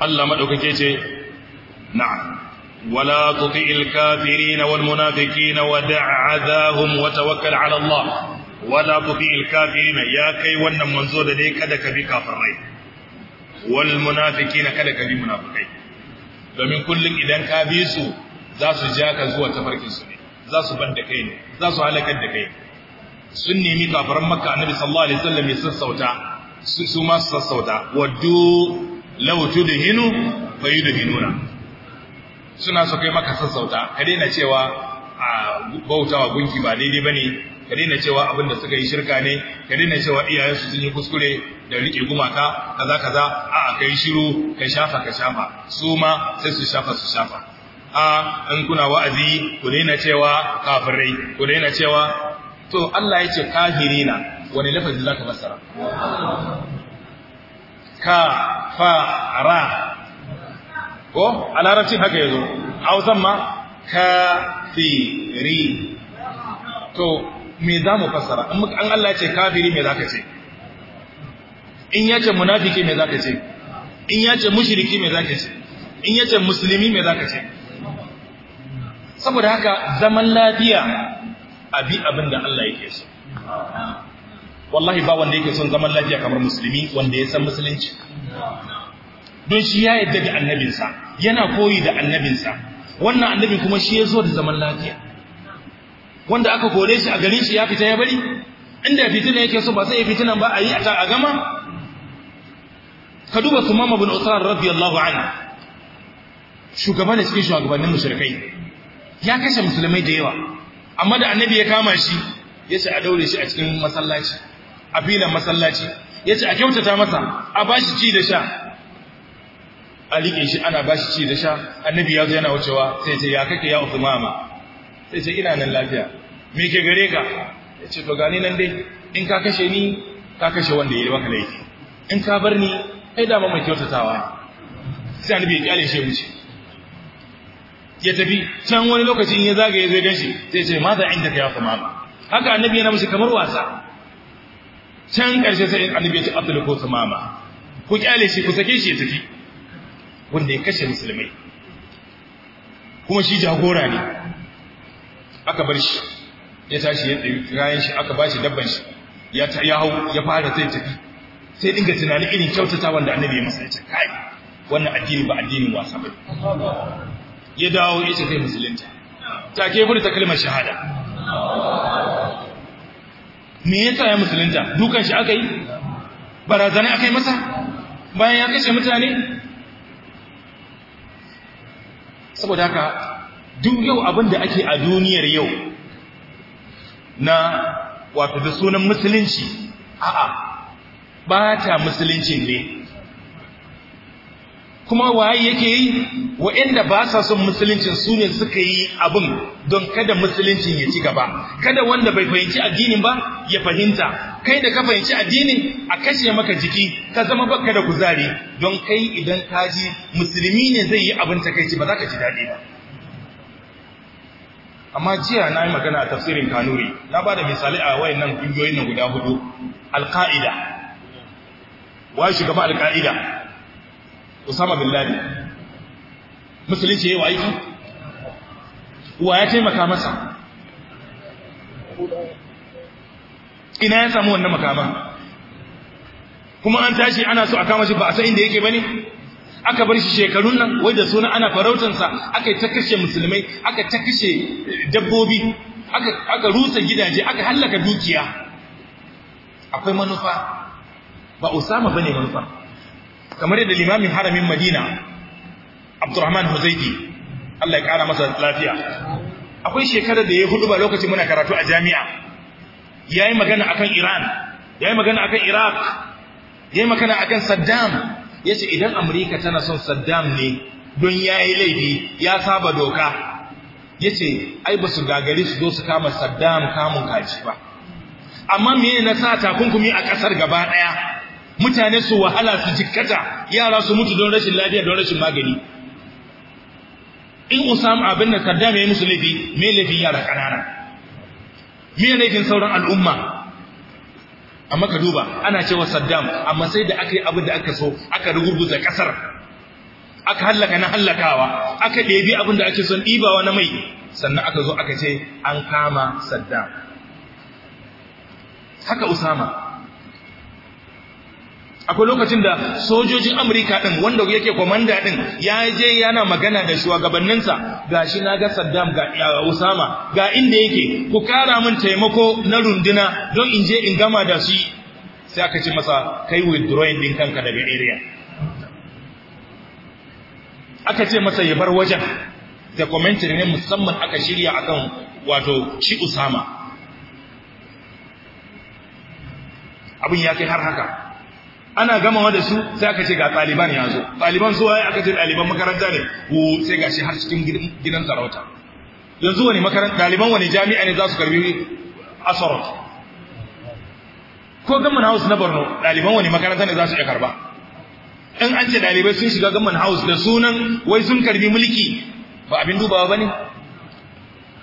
Allah madaukake ce na'am ولا تطع الكافرين والمنافقين ودع عذاهم وتوكل على الله wala tuti'il kafirin ya kai wannan manzo da dai kada ka bi kafirai wal munafiqin kada ka bi munafikai domin kullum idan ka bi su za su ja ka zuwa tafarkin su ne za su banda kai ne za su halakar da kai sun nemi kafiran makka annabi sallallahu alaihi wasallam ya sassauta su ma su sassauta waddu law tudhinu fayudhinuna suna so kai maka sassauta ka daina cewa a ah, bautawa gunki ba daidai bane ka daina cewa abin da suka yi shirka ne ka daina cewa iyayensu sun yi kuskure da rike gumaka kaza kaza a kai shiru ka shafa ka shafa su ma sai su shafa su shafa a in kuna wa'azi ku daina cewa kafirai ku daina cewa to Allah ya ce kafirina wani lafazi zaka fassara ka fa ra ko a larabci haka yazo a wasan ma Ka fi ri. to me za mu fassara an Allah ce kafiri me za ka ce in ya ce munafiki me za ka ce in ya ce mushriki me za ka ce in ya ce musulmi me za ka ce saboda haka zaman lafiya abi abin da Allah yake so wallahi ba wanda yake son zaman lafiya kamar musulmi wanda ya san musulunci don shi ya yadda da annabinsa yana koyi da annabinsa wannan annabi kuma shi ya zo da zaman lafiya wanda aka kore shi a garin shi ya fita ya bari inda fitina yake so ba sai fitinan ba a yi a gama ka duba sumama bin usman radiyallahu anhu shugaba ne cikin shugabannin mushrikai ya kashe musulmai da yawa amma da annabi ya kama shi ya ce a daure shi a cikin masallaci a filan masallaci ya ce a kyautata masa a bashi ci da sha a rike shi ana bashi ci da sha annabi ya zo yana wucewa sai ce ya kake ya usmama sai ce ina nan lafiya me ke gare ka ya ce to gani nan dai in ka kashe ni ka kashe wanda ya yi maka laifi in ka bar ni ai dama mai kyautatawa sai annabi ya kyale shi wuce ya tafi can wani lokaci in ya zagaye zai ganshi zai ce ma za inda ka ya samama haka annabi yana mishi kamar wasa can karshe sai annabi ya ce abdul ko samama ku kyale shi ku sake shi ya tafi wanda ya kashe musulmai kuma shi jagora ne aka bar shi ya tashi ya tsayi kayan shi aka bashi dabban shi ya ta ya hau ya fara zai tafi sai dinga tunani irin kyautata wanda annabi ya masa ya kai wannan addini ba addinin wasa ba ya dawo ya ce zai musulunta take furta kalmar shahada me yasa ya musulunta dukan shi aka yi barazana aka yi masa bayan ya kashe mutane saboda haka duk yau abin da ake a duniyar yau na wato da sunan musulunci a'a ba ta Musulunci ne kuma waye yake yi waɗanda ba sa son Musulunci su ne suka yi abin don kada Musulunci ya ci gaba kada wanda bai fahimci addinin ba ya fahimta kai da ka fahimci addini a kashe maka jiki ka zama baka da kuzari don kai idan ka ji musulmi ne zai yi abin takaici ba za ka ji daɗi ba amma jiya na yi magana a tafsirin kanuri na ba da misali a wayan nan ƙungiyoyin nan guda hudu alƙa'ida wa shugaba alƙa'ida usama bin ladi musulunci ya yi wa aiki wa ya taimaka masa ina ya samu wannan makama kuma an tashi ana so a kama shi ba a san inda yake ba ne aka bar shi shekarun nan wai da suna ana farautansa aka ta kashe musulmai aka ta kashe dabbobi aka rusa gidaje aka hallaka dukiya akwai manufa ba usama bane manufa kamar yadda limamin haramin madina abdurrahman huzaidi Allah ya kara masa lafiya akwai shekarar da ya hudu ba lokacin muna karatu a jami'a yi magana akan iran yayi magana akan iraq yi magana akan saddam Ya ce idan Amurika tana son Saddam ne don ya yi laifi ya saba doka ya ce ai ba su gagari su zo su kama Saddam kamun kaji ba amma me na sa takunkumi a kasar gaba daya mutane su wahala su jikata yara su mutu don rashin lafiya don rashin magani in Usam abin da Saddam ya yi musu laifi mai laifin yara kanana me laifin sauran al'umma amma ka duba ana cewa Saddam amma sai da aka yi abin da aka so aka rugurguza kasar aka hallaka na hallakawa aka ɗebi abin da ake son ɗibawa na mai sannan aka zo aka ce an kama Saddam haka Usama akwai lokacin da sojojin Amurka din wanda yake komanda din ya je yana magana da shugabanninsa shi na ga Saddam ga Usama ga inda yake ku kara min taimako na runduna don in je in gama da shi sai aka ce masa kai withdrawing din kanka daga area aka ce masa ya bar wajen da commentary ne musamman aka shirya akan wato shi Usama abin ya kai har haka ana gamawa da su sai aka ce ga ɗaliban ya zo ɗaliban zuwa ya aka ce ɗaliban makaranta ne ko sai ga shi har cikin gidan sarauta yanzu wani makaranta ɗaliban wani jami'a ne za su karbi asarot ko gaman house na borno ɗaliban wani makaranta ne za su iya karba in an ce ɗalibai sun shiga gaman house da sunan wai sun karbi mulki ba abin dubawa ba ne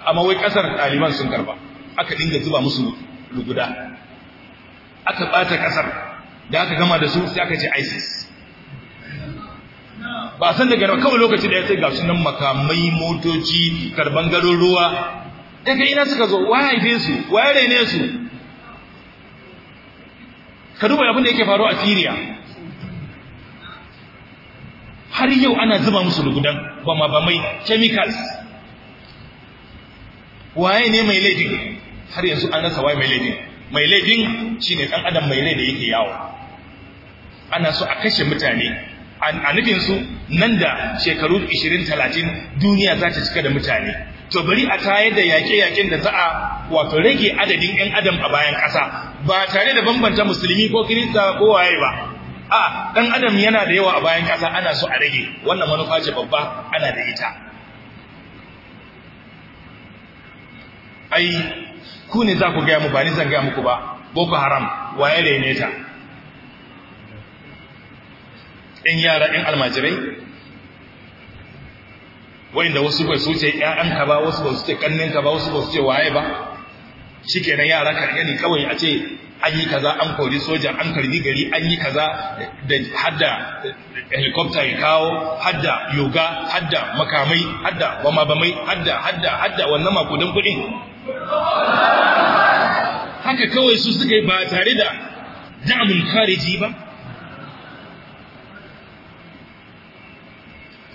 amma wai ƙasar ɗaliban sun karba aka dinga zuba musu luguda aka ɓata ƙasar da aka gama da su sai aka ce ISIS ba san daga kawai lokaci da ya sai ga nan makamai motoci karban garuruwa daga ina suka zo wa haife su wa ya su ka duba abin da yake faru a Syria har yau ana zuba musu rugudan ba ma ba mai chemicals waye ne mai laifin har yanzu an rasa waye mai laifin mai laifin shine ɗan adam mai rai da yake yawo ana so a kashe mutane a nufinsu nan da shekaru 20 30 duniya za ta cika da mutane to bari a tayar da yaƙe-yaƙen da za a wato rage adadin 'yan adam a bayan ƙasa ba tare da bambanta musulmi ko kirista ko waye ba a ɗan adam yana da yawa a bayan ƙasa ana so a rage wannan manufa ce babba ana da ita ku ne za ku gaya mu ba ni zan gaya muku ba boko haram waye rene ta in yara in almajirai wanda wasu ba su ce ka ba wasu ba su ce ka ba wasu ba su ce waye ba shikenan yara ka gani kawai a ce an yi kaza an kori soja an karbi gari an yi kaza da hadda helicopter ya kawo hadda yoga hadda makamai hadda bama bamai hadda hadda hadda wannan makudin kudin haka kawai su suka yi ba tare da damun kariji ba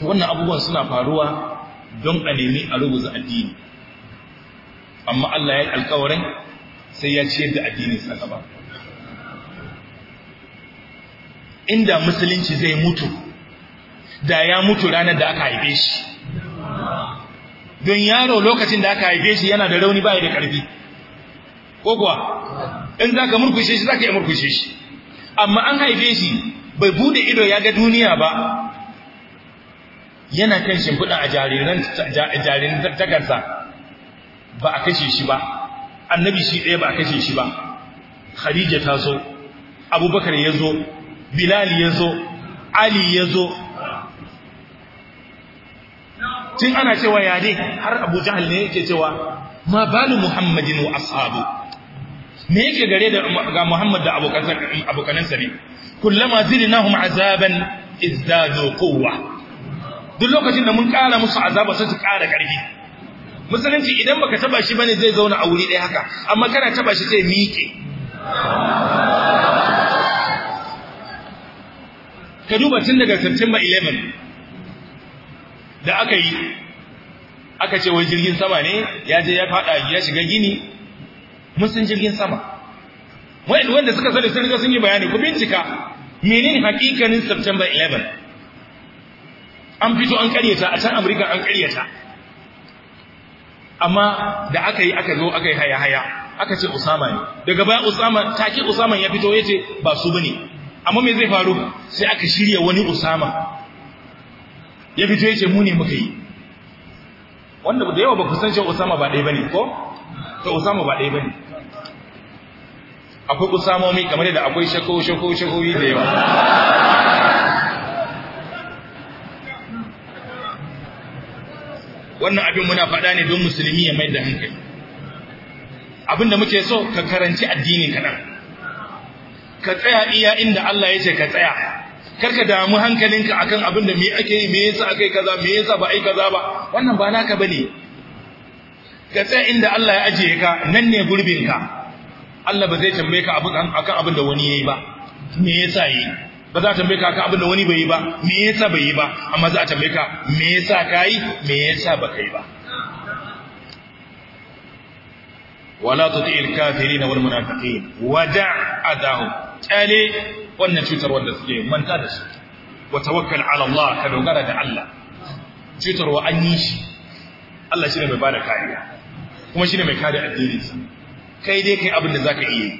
ta wannan abubuwan suna faruwa don a nemi a rubuza addini amma Allah ya yi alkawarin sai ya ciyar da addinin sa gaba inda musulunci zai mutu da ya mutu ranar da aka haife shi don yaro lokacin da aka haife shi yana da rauni ya da karfi ko kuwa in za ka murkushe shi Za ka iya murkushe shi amma an haife shi bai bude ido ya ga duniya ba yana kan shimfiɗa a jariran jariran takarsa ba a kashe shi ba annabi shi ɗaya ba a kashe shi ba khadija ta zo abubakar ya zo bilal ya zo ali ya zo tun ana cewa ya ne har abu jahal ne yake cewa ma balu muhammadin wa ashabu me yake gare ga muhammad da abokanansa ne kullama zidnahum azaban izdadu kowa. duk lokacin da mun kara musu azaba sai su kara karfi musulunci idan baka taba shi bane zai zauna a wuri ɗaya haka amma kana taba shi sai miƙe ka duba tun daga September 11 da aka yi aka ce wai jirgin sama ne ya je ya fada ya shiga gini mun san jirgin sama wanda suka sani sun riga sun yi bayani ku bincika menene hakikanin September 11 an fito an karyata a can Amurka an karyata amma da aka yi aka zo aka yi haya haya aka ce Usama ne daga baya Usama take Usama ya fito yace ba su bane amma me zai faru sai aka shirya wani Usama ya fito ya ce mu ne muka yi wanda da yawa ba ku san cewa Usama ba ɗaya ba ne, ko ta Usama ba ɗaya bane akwai Usamomi kamar yadda akwai shako shako shakoyi da yawa wannan abin muna faɗa ne don musulmi ya mai da hankali abin da muke so ka karanci addini kaɗan ka tsaya iya inda Allah ya ce ka tsaya karka damu hankalinka akan abin da me ake yi me yasa aka yi kaza me yasa ba ai kaza ba wannan ba naka bane ka tsaya inda Allah ya ajiye ka nan ne gurbin ka Allah ba zai tambaye ka akan abin da wani yayi ba me yasa yi ba za ta tambaye ka akan abin da wani bai yi ba me yasa bai yi ba amma za a tambaye ka me yasa kai me yasa ba kai ba wala tuti'il kafirin wal munafiqin wada'a dahum tale wannan cutar wanda suke manta da su wa tawakkal ala Allah ka dogara da Allah cutarwa an yi shi Allah shine mai bada kariya kuma shine mai kare addinin sa kai dai kai abin da zaka iya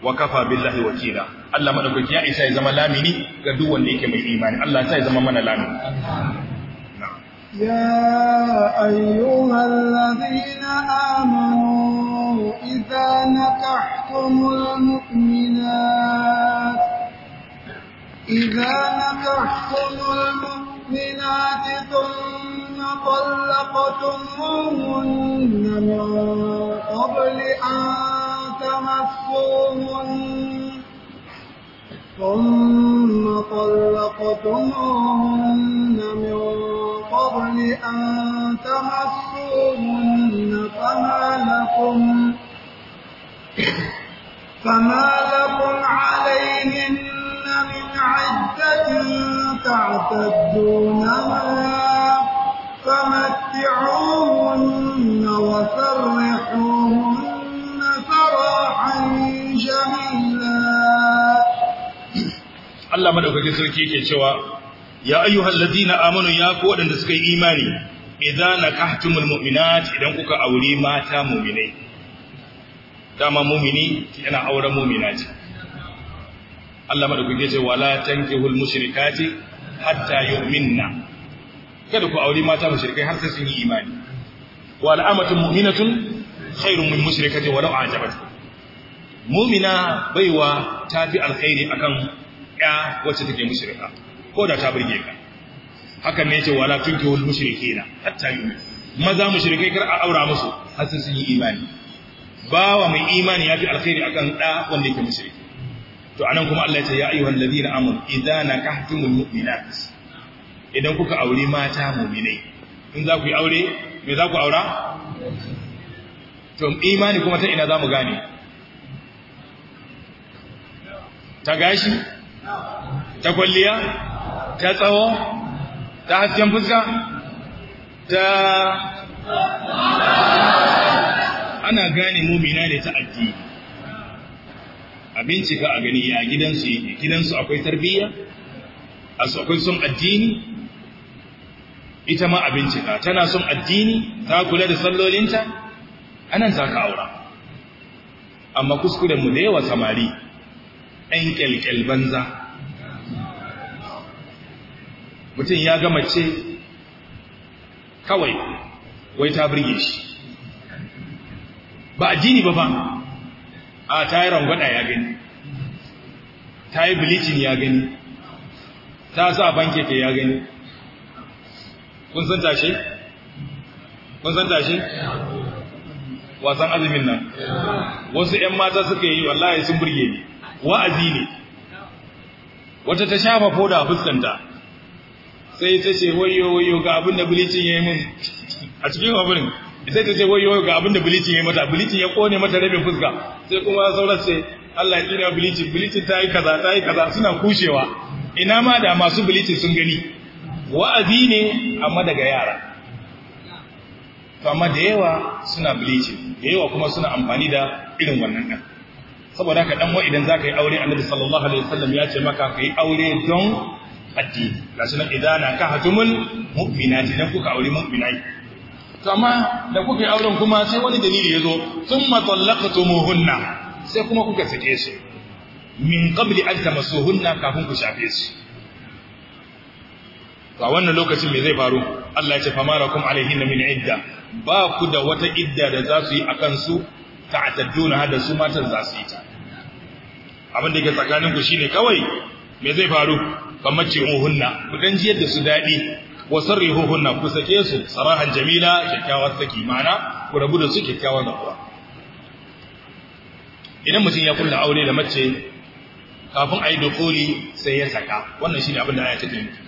wa kafa billahi wakila Allah madaukaki ya isa ya zama lamini ga duk wanda yake mai imani Allah ya sa ya zama mana lamini يا أيها الذين آمنوا إذا نكحتم المؤمنات إذا نكحتم المؤمنات ثم طلقتموهن من قبل أن تمسوهن ثم طلقتموهن من قبل أن تمسوهن فما لكم فما لكم عليهن عدة تعتدونها فمتعوهن وفرحوهن فراحا جميلا Allah madaukakin sarki yake cewa ya ayyuhal ladina amanu ya ku wadanda suka yi imani idza nakahtumul mu'minat idan kuka aure mata mu'minai dama mu'mini yana auren mu'minati Allah madaukake ce wala tankihul mushrikati hatta yu'minna kada ku aure mata mushrikai har sai sun yi imani wa al'amatun mu'minatun khairun min mushrikati walau a'jabatkum mu'mina baiwa tafi alkhairi akan ya wacce take mushrika ko da ta burge ka hakan ne yace wala tunkihul mushrikina hatta yu'min maza mushrikai kar a aura musu har sai sun yi imani bawa mai imani yafi alkhairi akan da wanda yake mushrik to anan kuma Allah ya ce ya ayyuhal ladina amanu idza nakahtumul mu'minat idan kuka aure mata mu'minai in za ku yi aure me za ku aura to imani kuma ta ina za mu gane ta gashi ta kwalliya ta tsawo ta hasken fuska ta ana gane mumina ne ta addini bincika a gani ya gidansu yake gidansu akwai tarbiyya akwai son addini ita ma a bincika tana son addini ta kula da sallolinta anan za ka aura amma kuskuren mu da yawa samari ɗan ƙyalƙyal banza mutum ya gama ce kawai wai ta birge shi ba addini ba ba a ta yi rangwada ya gani ta yi bleaching ya gani ta sa banke ke ya gani kun san tashe? kun san tashi? wasan azumin nan wasu 'yan mata suka yi wallahi sun burge ne wa'azi ne wata ta shafa foda fuskanta sai ta ce wayo wayo ga abin da bleaching ya yi min a cikin abin sai ta ce yau ga abin da bilicin ya mata bilicin ya kone mata rabin fuska sai kuma sauran ce Allah ya tsira bilicin bilicin ta yi kaza ta yi kaza suna kushewa ina ma da masu bilicin sun gani wa'azi ne amma daga yara to amma da yawa suna bilicin da yawa kuma suna amfani da irin wannan ɗan saboda haka dan idan za ka yi aure annabi sallallahu alaihi wasallam ya ce maka ka yi aure don addini gashi nan na ka hatumul mu'minati dan kuka aure mu'minai amma da kuka yi auren kuma sai wani dalili ya zo sun matsallakatu hunna sai kuma kuka sake su min qabli an hunna kafin ku shafe su a wannan lokacin me zai faru Allah ya ce famarakum alaihinna min idda ba ku da wata idda da za su yi akan su ta'tadduna hada su matan za su yi ta abin da ke tsakanin ku shine kawai me zai faru kamar ce muhunna ku dan jiyar da su daɗi. wa sarrihuhunna ku sake su sarahan jamila kyakkyawar saki ma'ana ku rabu da su kyakkyawar rabuwa idan mutum ya kulla aure da mace kafin a yi dukuri sai ya saka wannan shi ne abin da aya ta nufi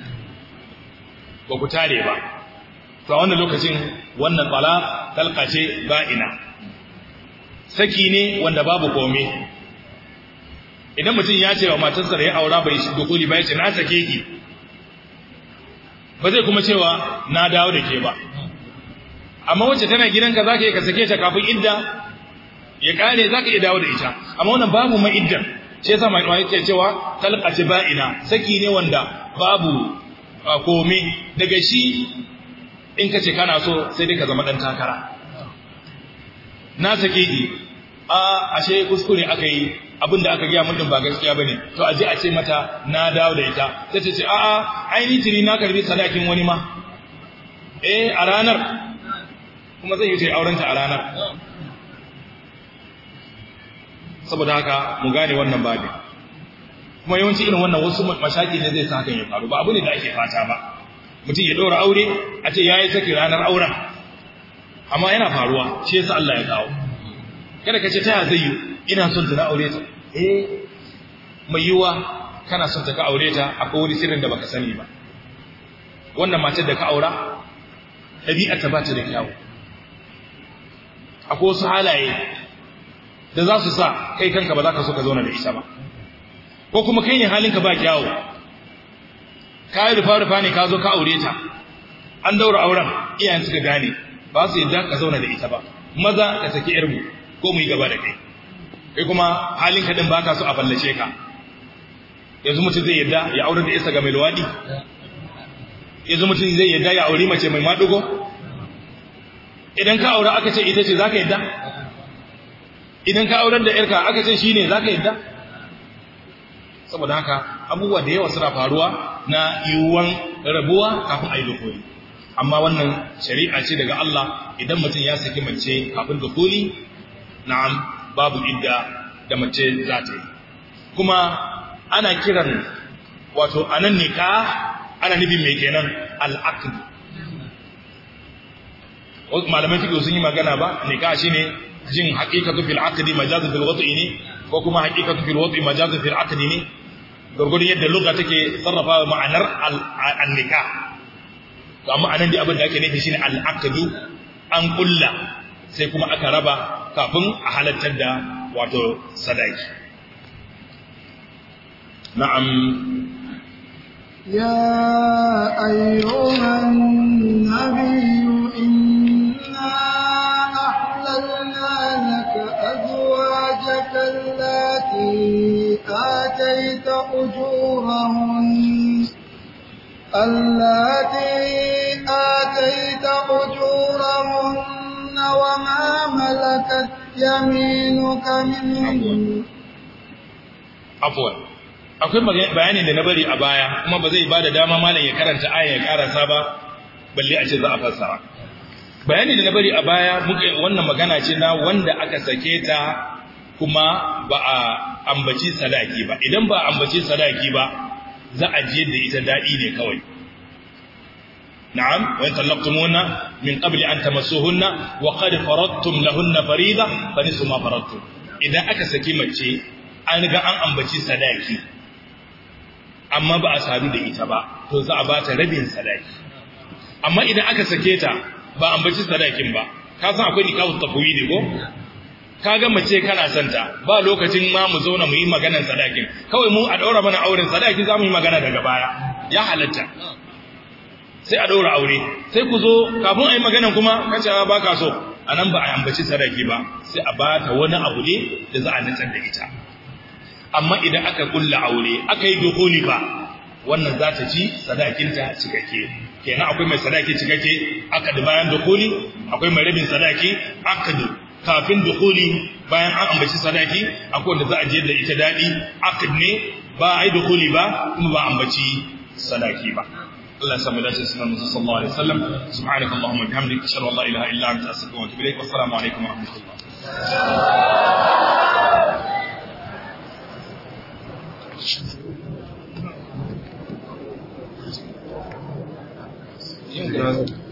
ba ku tare ba to a wannan lokacin wannan bala talka ce ba'ina saki ne wanda babu kome idan mutum ya ce wa matarsa da ya aura bai dukuri ba ya ce na sake ki ba zai kuma cewa na dawo da ke ba amma wacce tana gidanka za ka yi ka sake ta kafin idda ya kare za ka iya dawo da ita amma wannan babu ma iddan Sai ya mai ɗaya ke cewa talqati ba'ina saki ne wanda babu komai daga shi in ka ce kana so sai dai ka zama ɗan takara na sake a ashe kuskure aka yi abin da aka gaya mun din ba gaskiya bane to je a ce mata na dawo da ita sai ta ce a'a ai ni tiri na karbi sadakin wani ma eh a ranar kuma zai yi auren ta a ranar saboda haka mu gane wannan babin kuma yawanci irin wannan wasu mashaki ne zai sa hakan ya faru ba abu ne da ake fata ba mutum ya ɗora aure a ce yayi saki ranar auren amma yana faruwa shi yasa Allah ya kawo kada ka ce ta zai yi ina son ta na aure ta eh mai yiwa kana son ta ka aure ta akwai wani sirrin da baka sani ba wannan matar da ka aura ɗabi'a ta ba ta da kyau akwai wasu halaye da za su sa kai kanka ba za ka so ka zauna da ita ba ko kuma kai ne ka ba kyau? ka yi rufa-rufa ne ka zo ka aure ta an daura auren iyayen suka gane ba su yadda ka zauna da ita ba maza ka saki yarmu ko mu yi gaba da kai kai kuma halin ka din baka so a fallace ka yanzu mutum zai yadda ya aure da isa ga mai luwaɗi. yanzu mutum zai yadda ya aure mace mai madugo idan ka aure aka ce ita ce zaka yadda idan ka auren da yarka aka ce shine zaka yadda saboda haka abubuwa da yawa suna faruwa na yiwuwan rabuwa kafin a yi dukuri amma wannan shari'a ce daga Allah idan mutum ya saki mace kafin dukuri na'am babu idda da mace za ta yi kuma ana kiran wato anan nika ana nufin mai kenan al'aqd malamai fiƙo sun yi magana ba nika ne jin haqiqatu fil aqdi majazun fil wat'i ne ko kuma haqiqatu fil wat'i majazun fil aqdi ne gurgurdin yadda lugha take sarrafa ma'anar al-nikah to amma anan dai abin da ake nufi shine al-aqd an kulla sai kuma aka raba kafin a halattar da wato sadaki na'am يا أيها النبي إنا أحللنا لك أزواجك التي آتيت أجورهن التي آتيت أجورهن وما ملكت يمينك عفوا akwai bayanin da na bari a baya kuma ba zai bada dama malam ya karanta aya ya karasa ba balle a ce za a fassara bayanin da na bari a baya wannan magana ce na wanda aka sake ta kuma ba a ambaci sadaki ba idan ba a ambaci sadaki ba za a je da ita daɗi ne kawai نعم ويطلقتموهن من قبل أن تمسوهن وقد فرضتم لهن فريضة فنصف ما فرضتم إذا أكسكي مكي an ga an ambaci sadaki amma ba a sadu da ita ba to za a ba rabin sadaki amma idan aka sake ta ba ambaci sadakin ba ka san akwai nikahu tafwidi ko ka ga mace kana son ta ba lokacin ma mu zauna mu yi maganar sadakin kawai mu a ɗaura mana auren sadakin za mu yi magana daga baya ya halatta sai a ɗaura aure sai ku zo kafin a yi maganan kuma kace ah, ba ka so anan ba a ambaci sadaki ba sai a bata wani abu ne da za a nutsar da ita amma idan aka kulla aure aka yi dukuni ba wannan za ta ci sadakinta cikakke kenan akwai mai sadaki cikakke da bayan dukuni akwai mai rabin sadaki aka da kafin dukuni bayan an ambaci sadaki akwai wanda za a je da ita daɗi aka ne ba a yi dukuni ba kuma ba ambaci sadaki ba الله يسامح الله سيدنا النبي صلى الله عليه وسلم سبحانك اللهم وبحمدك اشهد ان لا اله الا انت استغفرك واتوب اليك والسلام عليكم ورحمه الله Thank you.